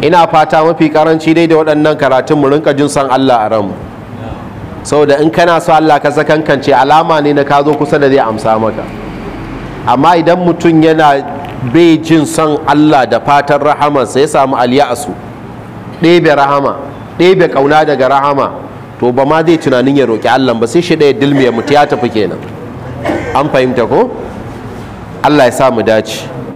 ina fata mafi karanci dai da waɗannan karatun mu rinka jin san Allah a ranmu saboda in kana so Allah ka sakankance alama ne na ka zo kusa da zai amsa maka amma idan mutum yana bai jin son Allah da fatan rahamarsa ya samu aliyasu ɗebe rahama ɗebe ƙauna daga rahama to ba ma zai tunanin ya roƙi Allah ba sai shi ɗaya dilmi ya mutu ya tafi kenan an fahimta ko Allah ya sa mu dace